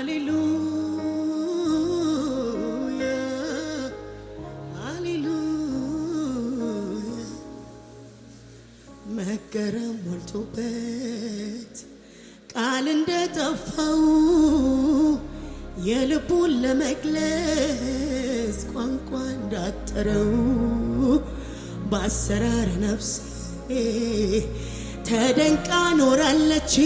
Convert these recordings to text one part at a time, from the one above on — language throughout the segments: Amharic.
ሃሌሉያ መገረም ሞልቶበት ቃል እንደጠፋው የልቡን ለመግለጽ ቋንቋ እንዳጠረው በአሰራር ነፍሴ ተደንቃ ኖራለች።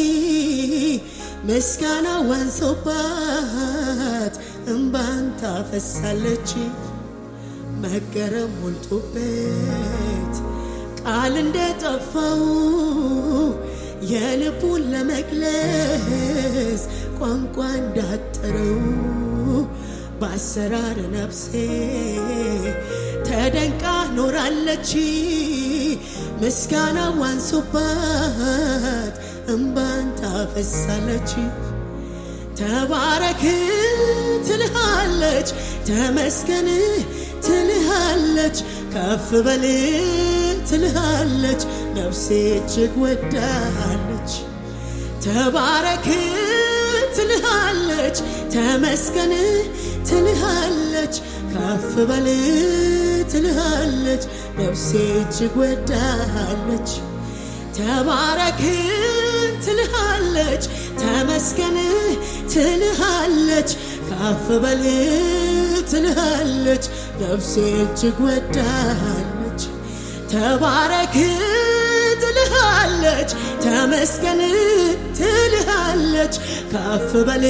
ምስጋና ወንሶባት እምባን ታፈሳለች። መገረም ሞልቶበት ቃል እንደጠፋው የልቡን ለመግለስ ቋንቋ እንዳጠረው በአሰራር ነፍሴ ተደንቃ ኖራለች ምስጋና ዋንሶባት እምባን ታፈሳለች። ተባረክ ትልሃለች፣ ተመስገን ትልሃለች፣ ከፍ በል ትልሃለች። ነፍሴ እጅግ ወዳሃለች። ተባረክ ትልሃለች፣ ተመስገን ትልሃለች፣ ከፍ በል ትልሃለች። ነፍሴ እጅግ ወዳሃለች። ተባረክ ትልሃለች ተመስገን ትልሃለች ከፍ በል ትልሃለች ነፍሴ እጅግ ወዳለች ተባረክ ትልሃለች ተመስገን ትልሃለች ከፍ በል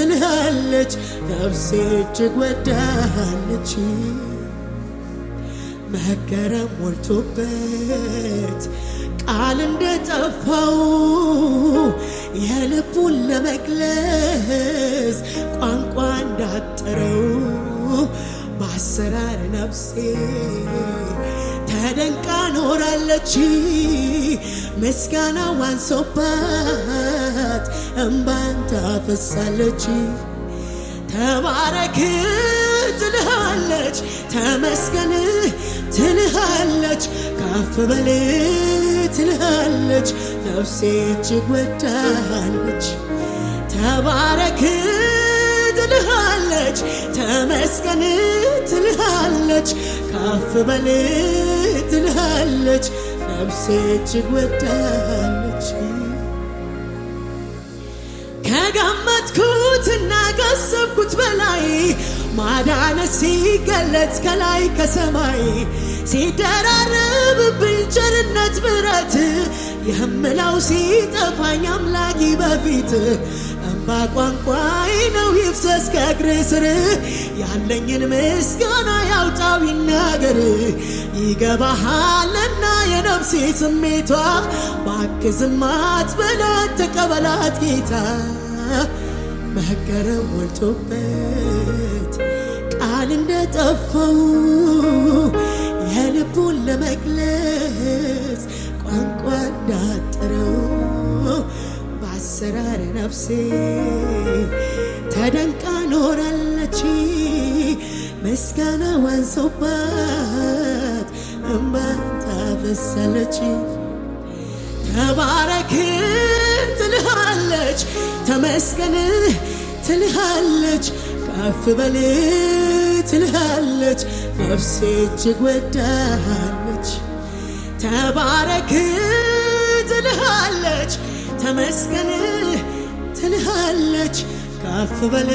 ትልሃለች ነፍሴ እጅግ ወዳለች መገረም ሞልቶበት ቃል እንደጠፋው የልቡን ለመግለጽ ቋንቋ እንዳጠረው በአሰራር ነፍሴ ተደንቃ ኖራለች። ምስጋና ዋንሶባት እምባን ታፈሳለች። ተባረክ ትልሃለች፣ ተመስገን ትልሃለች፣ ከፍ በል ትልሃለች። ነፍሴ እጅግ ወዳሃለች፣ ተባረክ ትልሃለች፣ ተመስገን ትልሃለች፣ ከፍ በል ትልሃለች። ነፍሴ እጅግ ወዳሃለች ተጋመጥኩትና ቀሰብኩት በላይ ማዳነ ሲገለጽ ከላይ ከሰማይ ሲደራረብብኝ ቸርነት ምረት የህምላው ሲጠፋኝ አምላኪ በፊት እምባ ቋንቋዬ ነው ይፍሰስ ከእግር ስር ያለኝን ምስጋና ያውጣው ይናገር ይገባሃልና የነፍሴ ስሜቷ ባክ ዝማት በላት ተቀበላት ጌታ መገረም ሞልቶበት ቃል እንደጠፋው የልቡን ለመግለጽ ቋንቋ እንዳጠረው በአሰራር ነፍሴ ተደንቃ ኖራለች። ምስጋና ወንሶባት እምባ ታፈሳለች። ተባረክ ትልሃለች፣ ተመስገን ትልሃለች፣ ከፍ በል ትልሃለች። ነፍሴ እጅግ ወዳሃለች፣ ተባረክ ትልሃለች፣ ተመስገን ትልሃለች፣ ከፍ በል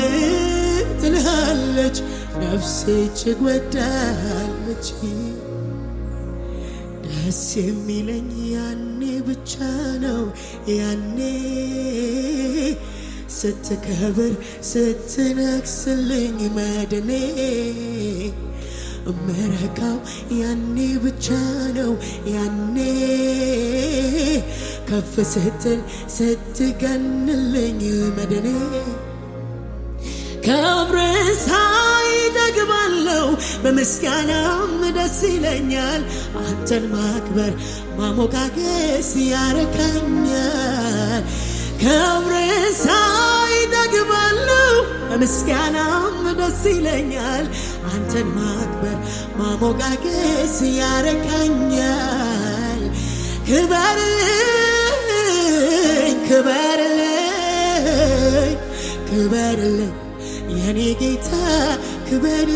ትልሃለች። ነፍሴ እጅግ ወዳሃለች፣ ደስ የሚለኝ ያለ ብቻ ነው ያኔ ስትከብር ስትነግስልኝ መድኔ እምረካው ያኔ ብቻ ነው ያኔ ከፍ ስትል ስትገንልኝ መድኔ ከብርሳ እጠግባለሁ፣ በምስጋናም ደስ ይለኛል። አንተን ማክበር ማሞጋገስ ያረካኛል። ክብርን ሳይ እጠግባለሁ፣ በምስጋናም ደስ ይለኛል። አንተን ማክበር ማሞጋገስ ያረካኛል። ክበር ክበር ክበርልኝ የኔ ጌታ ክበል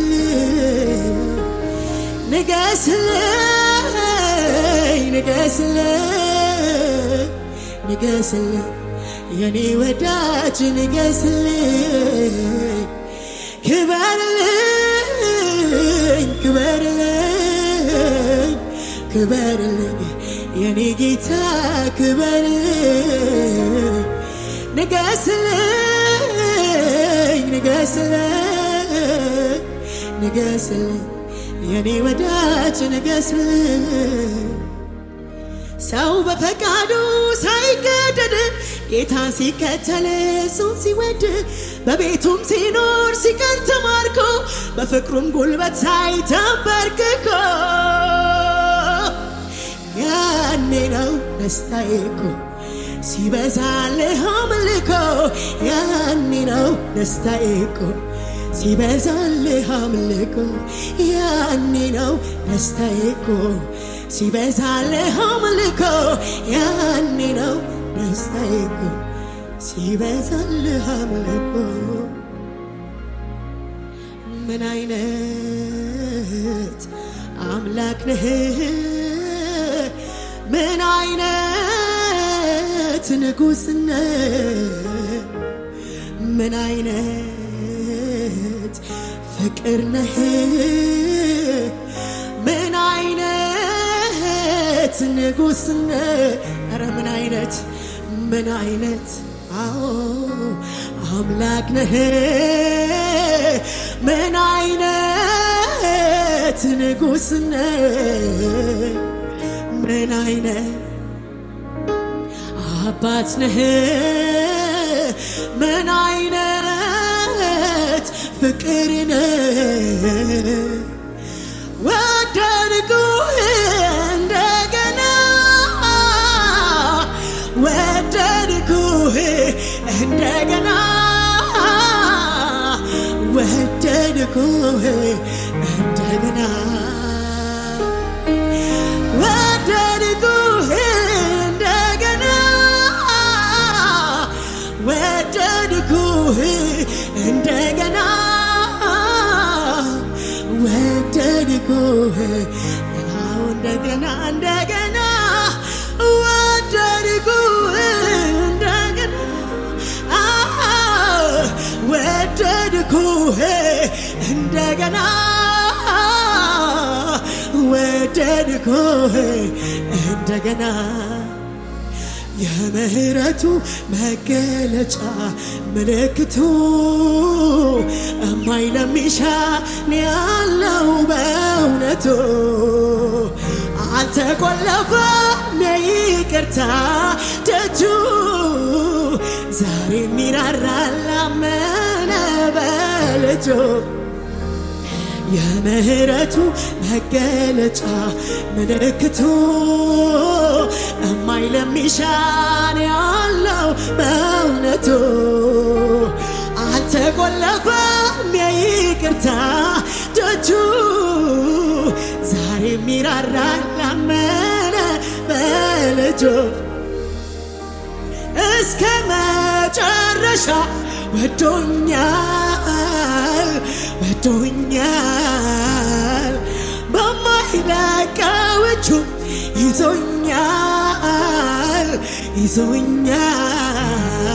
ንገስለይ ንገስለ ንገስለ የኔ ወዳጅ ንገስለ ክበርልኝ ክበርልኝ ክበርልኝ የኔ ጌታ ክበርልኝ ንገስ ንገስ የኔ ወዳጅ ንገስ ሰው በፈቃዱ ሳይገደድ ጌታን ሲከተል እሱን ሲወድ በቤቱም ሲኖር ሲቀን ተማርኮ በፍቅሩም ጉልበት ሳይተንበርክኮ ያኔ ነው ደስታዬ እኮ ሲበዛልህ አምልኮ ያኒ ነው ደስታዬ እኮ ሲበዛልህ አምልኮ ያኔ ነው ደስታዬ እኮ ሲበዛልህ አምልኮ ያኔ ነው ደስታዬ እኮ ሲበዛልህ አምልኮ ምን አይነት አምላክ ነህ ምን አይነት የእውነት ንጉሥነ ምን አይነት ፍቅር ነህ ምን አይነት ንጉሥነ ኧረ ምን አይነት ምን አይነት አዎ አምላክ ነህ ምን አይነት ንጉሥነ ምን አይነት አባት ነህ ምን አይነት ፍቅር ነህ ወደንጉ እንደገና ወደንጉ እንደገና ወደንጉ እንደገና እንደገና ወደድኩ እንደገና ወደድኩ እንደገና ወደድኩ እንደገና የምህረቱ መገለጫ ምልክቱ እማይ ለሚሻ ያለው በእውነቱ አልተቆለፈ ይቅርታ ደጁ ዛሬም ይራራል ላመነ በልጁ የምህረቱ መገለጫ ምልክቱ እማይ ለሚሻን ያለው በእውነቱ አልተቆለፈም የይቅርታ ደጁ ዛሬ የሚራራ ላመነ በልጁ እስከ መጨረሻ ወዶኛል ረድቶኛል በማይለቀው እጁ ይዞኛል ይዞኛል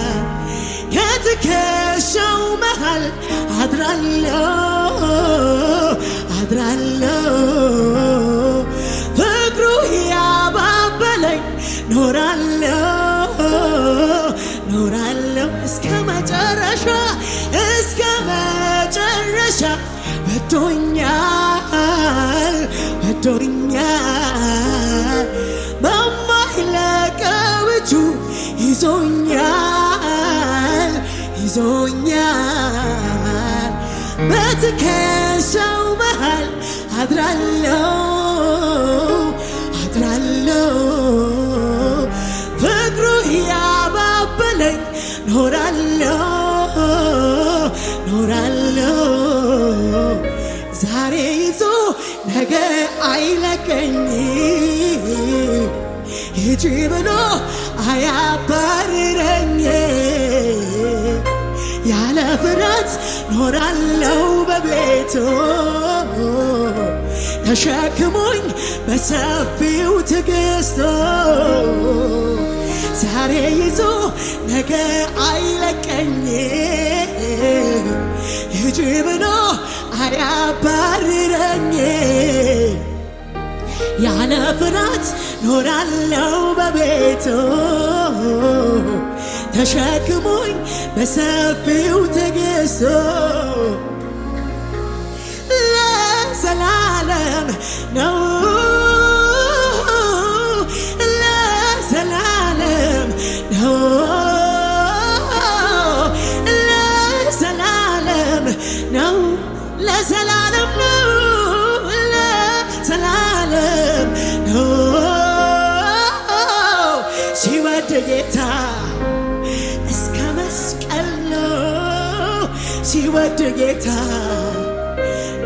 ከትከሻው መሃል አድራለሁ አድራለሁ ፍቅሩ ያባበለኝ ኖራለሁ ኖራለሁ እስከ መጨረሻ እስከ መጨረሻ ወዶኛል ወዶኛል በማይለቀው እጁ ይዞኛል ይዞኛል በትከሻው መሃል አድራለው አድራለው ፍቅሩ ያባበለኝ ኖራል ነገ አይለቀኝ ሂጂ ብሎ አያባርረኝ ያለ ፍረት ኖራለው በቤቱ ተሸክሞኝ በሰፊው ትግስቶ ዛሬ ይዞ ነገ አይለቀኝ ሂጂ ብሎ ሳያባርረኝ ያለ ፍራት ኖራለው በቤቱ ተሸክሞኝ በሰፊው ትግስቱ ለዘላለም ነው። ስወድ ጌታ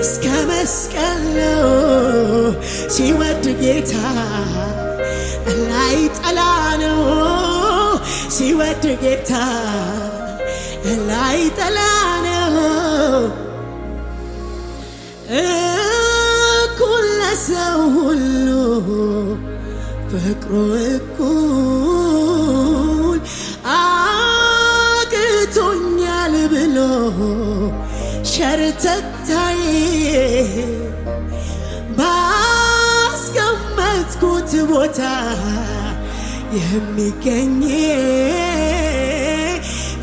እስከ መስቀል ነው ሲወድ ጌታ እላይ ጠላ ነው ሲወድ ጌታ እላይ ጠላ ነው እኩል ለሰው ሁሉ ፍቅሩ እኩል አግቶኛል ብሎ ሸርተታዬ ባስቀመጥኩት ቦታ የሚገኝ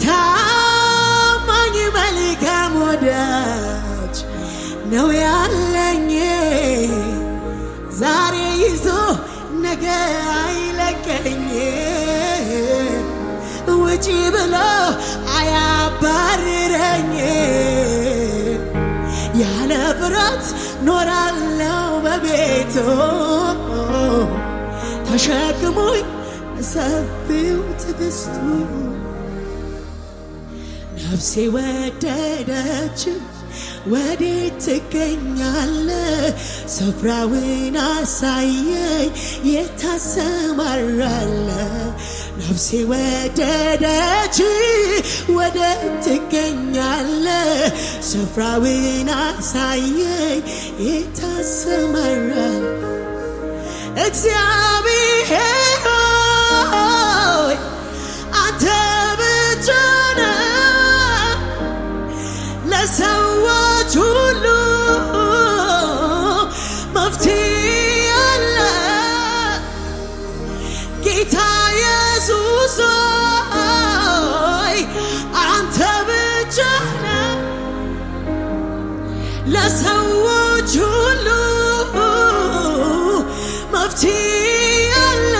ታማኝ መልካም ወዳጅ ነው ያለኝ። ዛሬ ይዞ ነገ አይለቀኝ ውጪ ብሎ አያ ኖራለው በቤቱ ተሸክሞኝ በሰፊው ትግስቱ ነፍሴ ወደደች ወዴት ትገኛለ ስፍራውን አሳየኝ የታሰማራለ ነፍሴ ወደደች ወደ ትገኛለ ስፍራዊን አሳየኝ የተሰመረ እግዚአብሔር ሆይ አንተ ብቻ ሀብቴ ያለ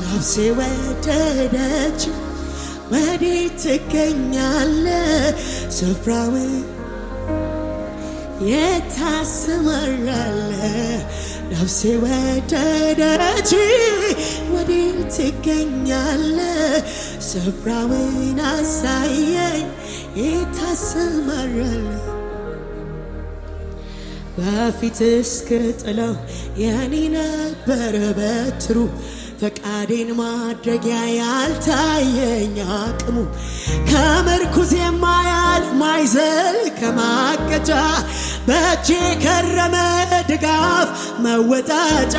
ነፍሴ ወደደች ወዴት ትገኛለ ስፍራው የታሰመራለ ነፍሴ ወደደች ወዴት ትገኛለ ስፍራውን አሳየኝ የታሰመራለ በፊት እስክጥለው የኔ ነበረ በትሩ ፈቃዴን ማድረጊያ ያልታየኝ አቅሙ ከምርኩዝ የማያልፍ ማይዘል ከማቀጫ በእጄ ከረመ ድጋፍ መወጣጫ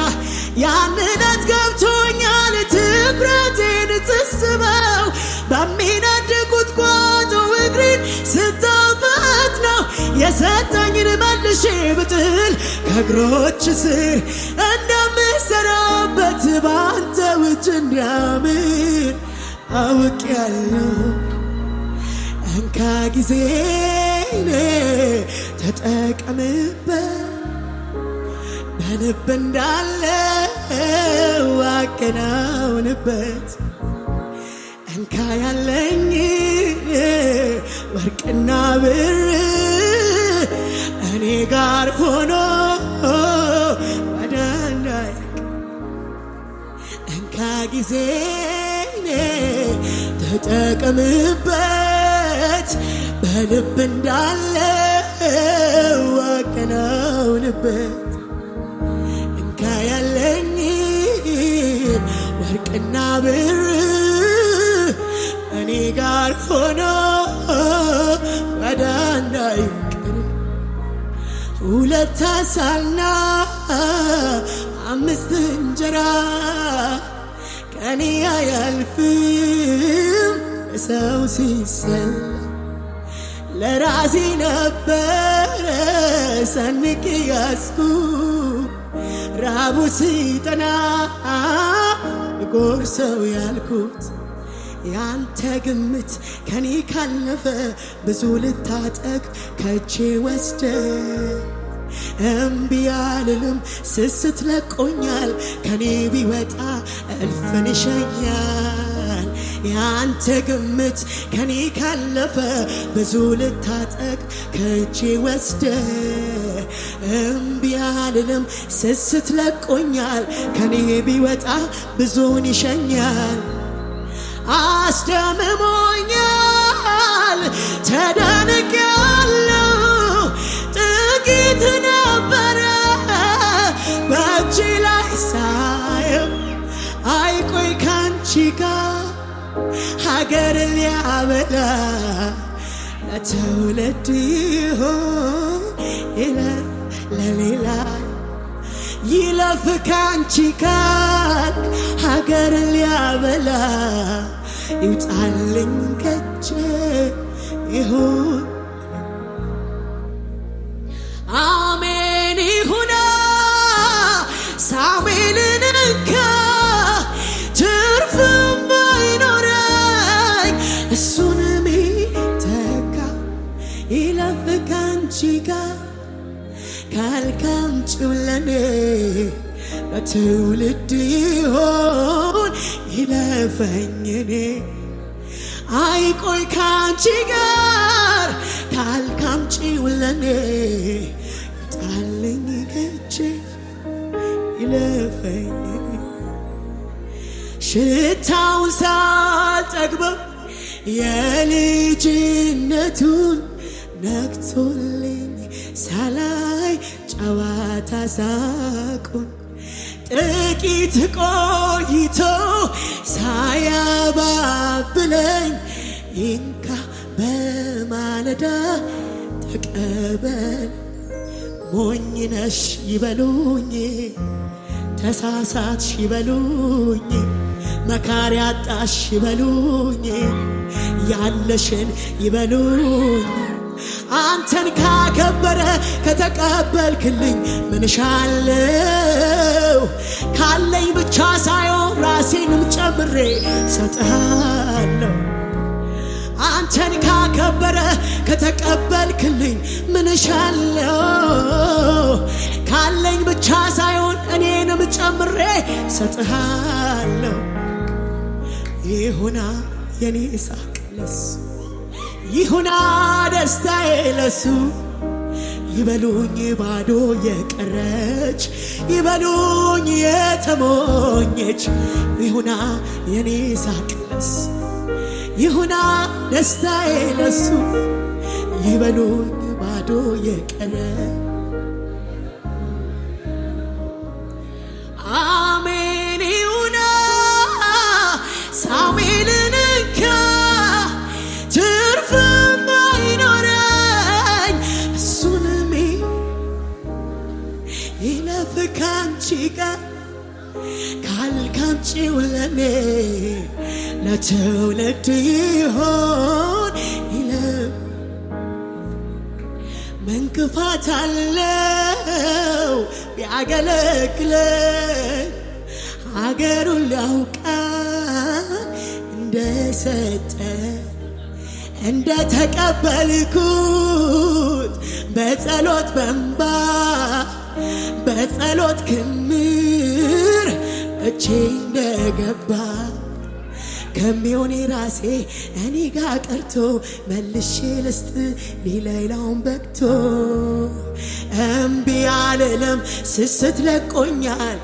ያንነት ገብቶኛል ትኩረቴን ስስበው በሚነድ ቁጥቋጦ እግሬን ስታ የሰጠኝን መልሼ ብጥል ከእግሮች ስር እንደምሰራበት ባንተ ውጭ እንዲያምን አውቄያለሁ። እንካ ጊዜን ተጠቀምበት በልብ እንዳለው አከናውንበት። እንካ ያለኝ ወርቅና ብር ከኔ ጋር ሆኖ ባዳናይ እንካ ጊዜ ተጠቀምበት በልብ እንዳለ ዋቀናውንበት እንካ ያለኝ ወርቅና ብር እኔ ጋር ሆኖ ባዳናይ ሁለት አሳና አምስት እንጀራ ቀኔ አያልፍም ሰው ሲሰል ለራሴ ነበረ ሰንቄ ያስኩ ራቡ ሲጠና ጎርሰው ያልኩት ያንተ ግምት ከኔ ካለፈ ብዙ ልታጠቅ ከቼ ወስደ እምቢ አልልም ስስት ለቆኛል ከኔ ቢወጣ እልፍን ይሸኛል ያንተ ግምት ከኔ ካለፈ ብዙ ልታጠቅ ከቼ ወስደ እምቢ አልልም ስስት ለቆኛል ከኔ ቢወጣ ብዙን ይሸኛል አስደምሞኛል። ተደንቄያለሁ። ጥቂት ነበረ በእጅ ላይ ሳየው አይቆይ ካንቺ ጋር ሀገር ሊያበላ ለትውልድ ይሆን ይለፍ ካንቺ ካል ሀገር ሊያበላ ይውጣልኝ ከች ይሁን አሜን ይሁና ሳሙኤልን እንካ እሱንም ይለፍ ካንቺ ጋር ካልካምጭው ለኔ ለትውልድ ይሆን ይለፈኝኔ አይቆይ ካንቺ ጋር ካልካምጭው ለኔ ይጣልኝ ከቼ ይለፈኝ ሽታውን ሳልጠግበው የልጅነቱን ነግቶልኝ ሰላም አዋታ ሳቁን ጥቂት ቆይቶ ሳያባብለኝ ይንካ በማለዳ ተቀበል ነሽ ይበሉኝ ተሳሳትሽ ይበሉኝ መካሪ አጣሽ ይበሉኝ ያለሽን ይበሉኝ አንተን ካከበረ ከተቀበልክልኝ ምንሻለው ካለኝ ብቻ ሳይሆን ራሴንም ጨምሬ ሰጠለው። አንተን ካከበረ ከተቀበልክልኝ ምንሻለው ካለኝ ብቻ ሳይሆን እኔንም ጨምሬ ሰጥሃለሁ። ይሁና የኔ ይስሐቅ ለሱ ይሁና ደስታዬ ለሱ ይበሉኝ ባዶ የቀረች ይበሉኝ የተሞኘች ይሁና የኔ ሳቅ ለሱ ይሁና ደስታዬ ለሱ ይበሉኝ ባዶ የቀረች ከፍ ካንቺ ጋር ካልካምጪው ለኔ ለትውልድ ይሆን ይለም መንክፋት አለው ቢያገለግለን አገሩን ሊያውቃል እንደሰጠ እንደተቀበልኩት በጸሎት በንባ በጸሎት ክምር እቼ እንደገባ ከሚሆኔ ራሴ እኔ ጋር ቀርቶ መልሼ ልስጥ ሊለይላውን በቅቶ እምቢ አልልም ስስት ለቆኛል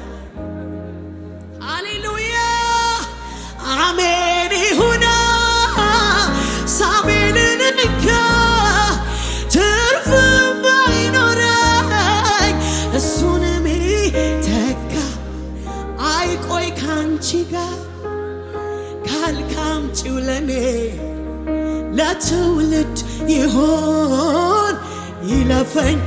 ያመጪው ለኔ ለትውልድ ይሆን ይለፈኝ